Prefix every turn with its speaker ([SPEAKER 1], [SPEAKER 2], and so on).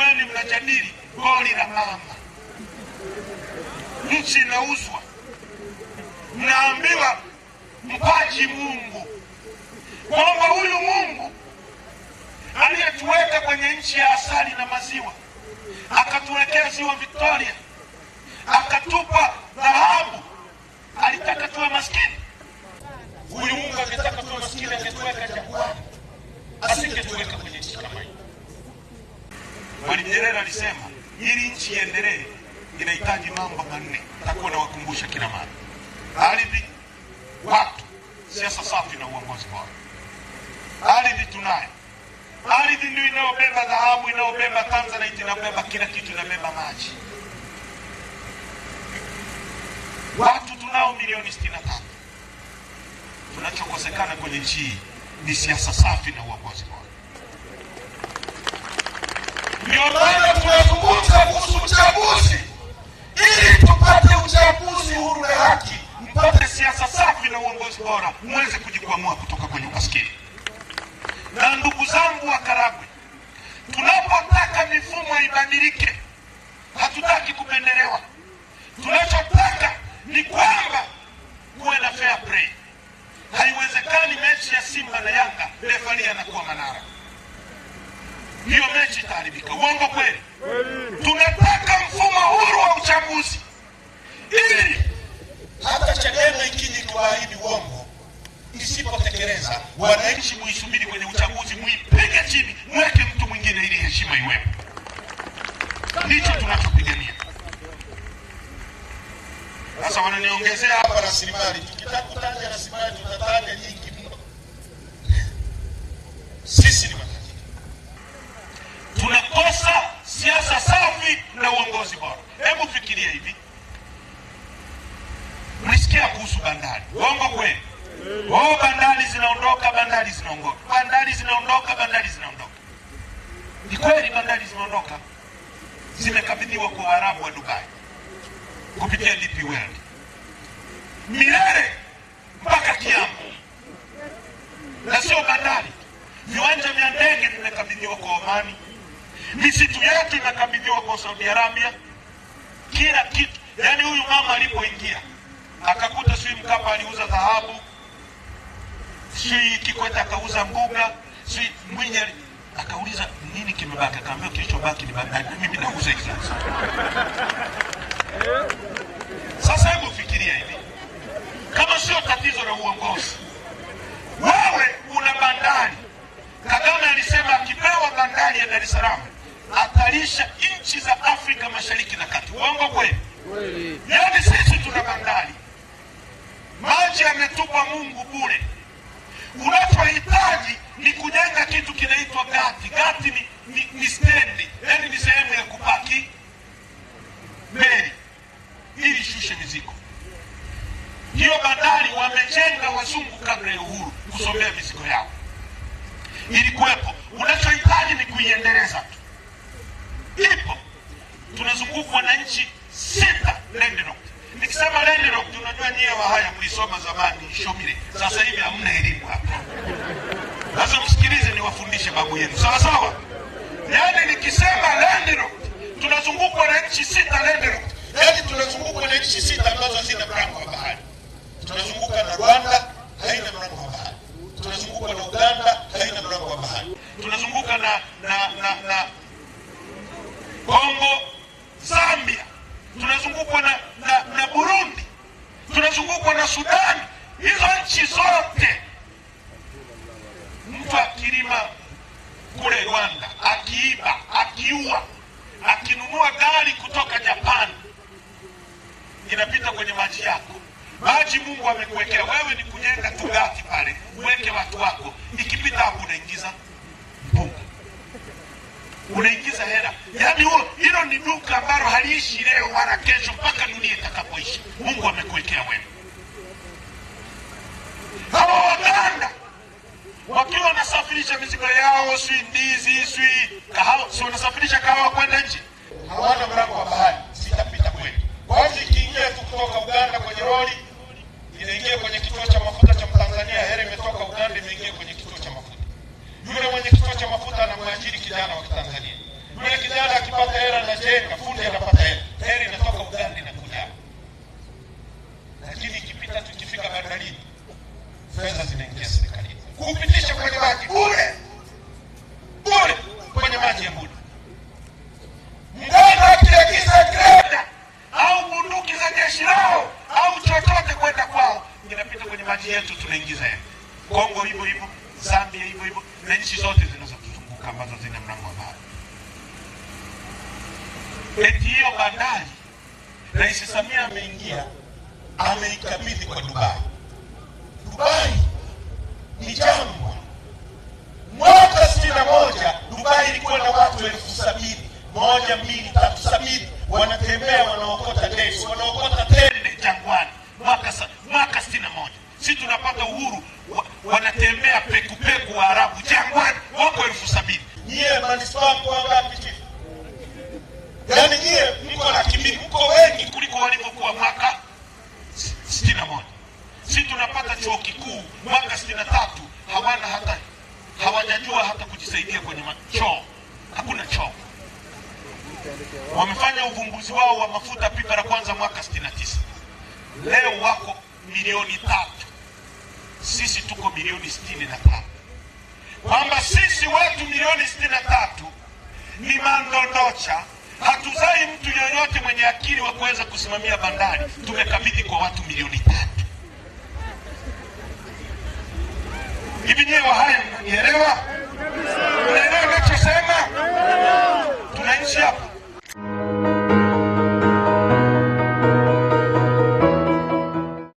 [SPEAKER 1] juani mnajadili goli la mama, nchi inauzwa, mnaambiwa mpaji Mungu kwamba huyu Mungu aliyetuweka kwenye nchi ya asali na maziwa, akatuwekea ziwa Victoria, akatupa dhahabu, alitaka tuwe maskini? Huyu Mungu angetaka tuwe maskini, angetuweka jangwani, asingetuweka alisema ili nchi iendelee inahitaji mambo manne, takuwa nawakumbusha kila mara: ardhi, watu, siasa safi na uongozi bora. Ardhi tunayo, ardhi ndio inayobeba dhahabu, inayobeba tanzanite, inayobeba kila kitu, inabeba maji. Watu tunao milioni sitini na tatu. Tunachokosekana kwenye nchi hii ni siasa safi na uongozi bora. Ndio maana tunazungumza kuhusu uchaguzi, ili tupate uchaguzi huru na haki, mpate siasa safi na uongozi bora, mweze kujikwamua kutoka kwenye umaskini. Na ndugu zangu wa Karagwe, tunapotaka mifumo ibadilike, hatutaki kupendelewa. Tunachotaka ni kwamba kuwe na fair play. Haiwezekani mechi ya Simba na Yanga refari anakuwa Manara hiyo mechi itaharibika. Uongo kweli? Tunataka mfumo huru wa uchaguzi ili hata Chadema ikija ikiwaahidi uongo isipotekeleza, wananchi muisubiri kwenye uchaguzi, muipige chini, mweke mtu mwingine ili heshima iwepo. Ndicho tunachopigania. Sasa wananiongezea hapa rasilimali. Tukitaka kutaja rasilimali tutataja nyingi mno. Sisi ni Uongo kweli? Oh, bandari zinaondoka, bandari zinaondoka, bandari zinaondoka, bandari zinaondoka. Ni kweli, bandari zinaondoka, zimekabidhiwa kwa Waarabu wa Dubai kupitia DP World milele mpaka Kiambu, na sio bandari. Viwanja vya ndege vimekabidhiwa kwa Omani, misitu yetu imekabidhiwa kwa Saudi Arabia, kila kitu yani si Kikwete akauza mbuga, si Mwinyi akauliza nini kimebaki, akaambia kilichobaki ni bandari, mimi nauza hizo. Sasa hebu fikiria hivi, kama sio tatizo la uongozi, wewe una bandari. Kagame alisema akipewa bandari ya Dar es Salaam atalisha nchi za Afrika Mashariki na Kati. Uongo kweli? Yaani sisi tuna bandari, maji ametupa Mungu bure. Unachohitaji ni kujenga kitu kinaitwa gati. Gati ni, ni, ni stendi, yani ni sehemu ya kupaki meli ili shushe mizigo. Hiyo bandari wamejenga wazungu kabla ya uhuru kusomea mizigo yao ilikuwepo. Unachohitaji ni kuiendeleza tu, ipo. Tunazungukwa na nchi sita landlocked. Nikisema landlocked, unajua nyie Wahaya mlisoma zamani Shomile, sasa hivi hamna elimu majukumu yenu sawa. Yani nikisema land road tunazungukwa na nchi sita land road, yani tunazungukwa na nchi sita ambazo hazina mlango wa bahari. maji Mungu amekuwekea wewe ni kujenga tugati pale, uweke watu wako, ikipita hapo unaingiza mpunga, unaingiza hela. Yaani hilo ni duka ambalo haliishi leo wala kesho, mpaka dunia itakapoisha. Mungu amekuwekea wewe. Hawa Waganda wakiwa wanasafirisha mizigo yao, si ndizi, si kahawa, si wanasafirisha kahawa kwenda nje, hawana mlango wa bahari, sitapita kweli. Kwa hiyo ikiingia tu kutoka Uganda kwenye roli inaingia kwenye kituo cha mafuta cha Mtanzania, heri imetoka Uganda imeingia kwenye kituo cha mafuta. Yule mwenye kituo cha mafuta anamwajiri kijana wa Kitanzania. Yule kijana akipata hela na jenga, fundi anapata hela, heri inatoka Uganda inakuja. Lakini ikipita tu ikifika bandarini, fedha zinaingia serikalini kupitisha kwenye maji bure bure, kwenye maji ya bure kati yetu tunaingiza yeye. Kongo hivyo hivyo, Zambia hivyo hivyo, na nchi zote zinazotuzunguka ambazo zina mlango wa bahari. Eti hiyo bandari Rais Samia ameingia ameikabidhi kwa Dubai. Dubai ni jambo. Mwaka sitini na moja Dubai ilikuwa na watu elfu sabini moja mbili tatu sabini wanatembea wanaokota gesi wanaokota wamefanya uvumbuzi wao wa mafuta pipa la kwanza mwaka 69 leo wako milioni tatu, sisi tuko milioni na tatu, kwamba sisi watu milioni na tatu ni mandondocha, hatuzai mtu yoyote mwenye akili wa kuweza kusimamia bandari, tumekabidhi kwa watu milioni tatu. Hivi nyewe Wahaya mnanielewa? Mnaelewa nachosema? Tunaishi hapa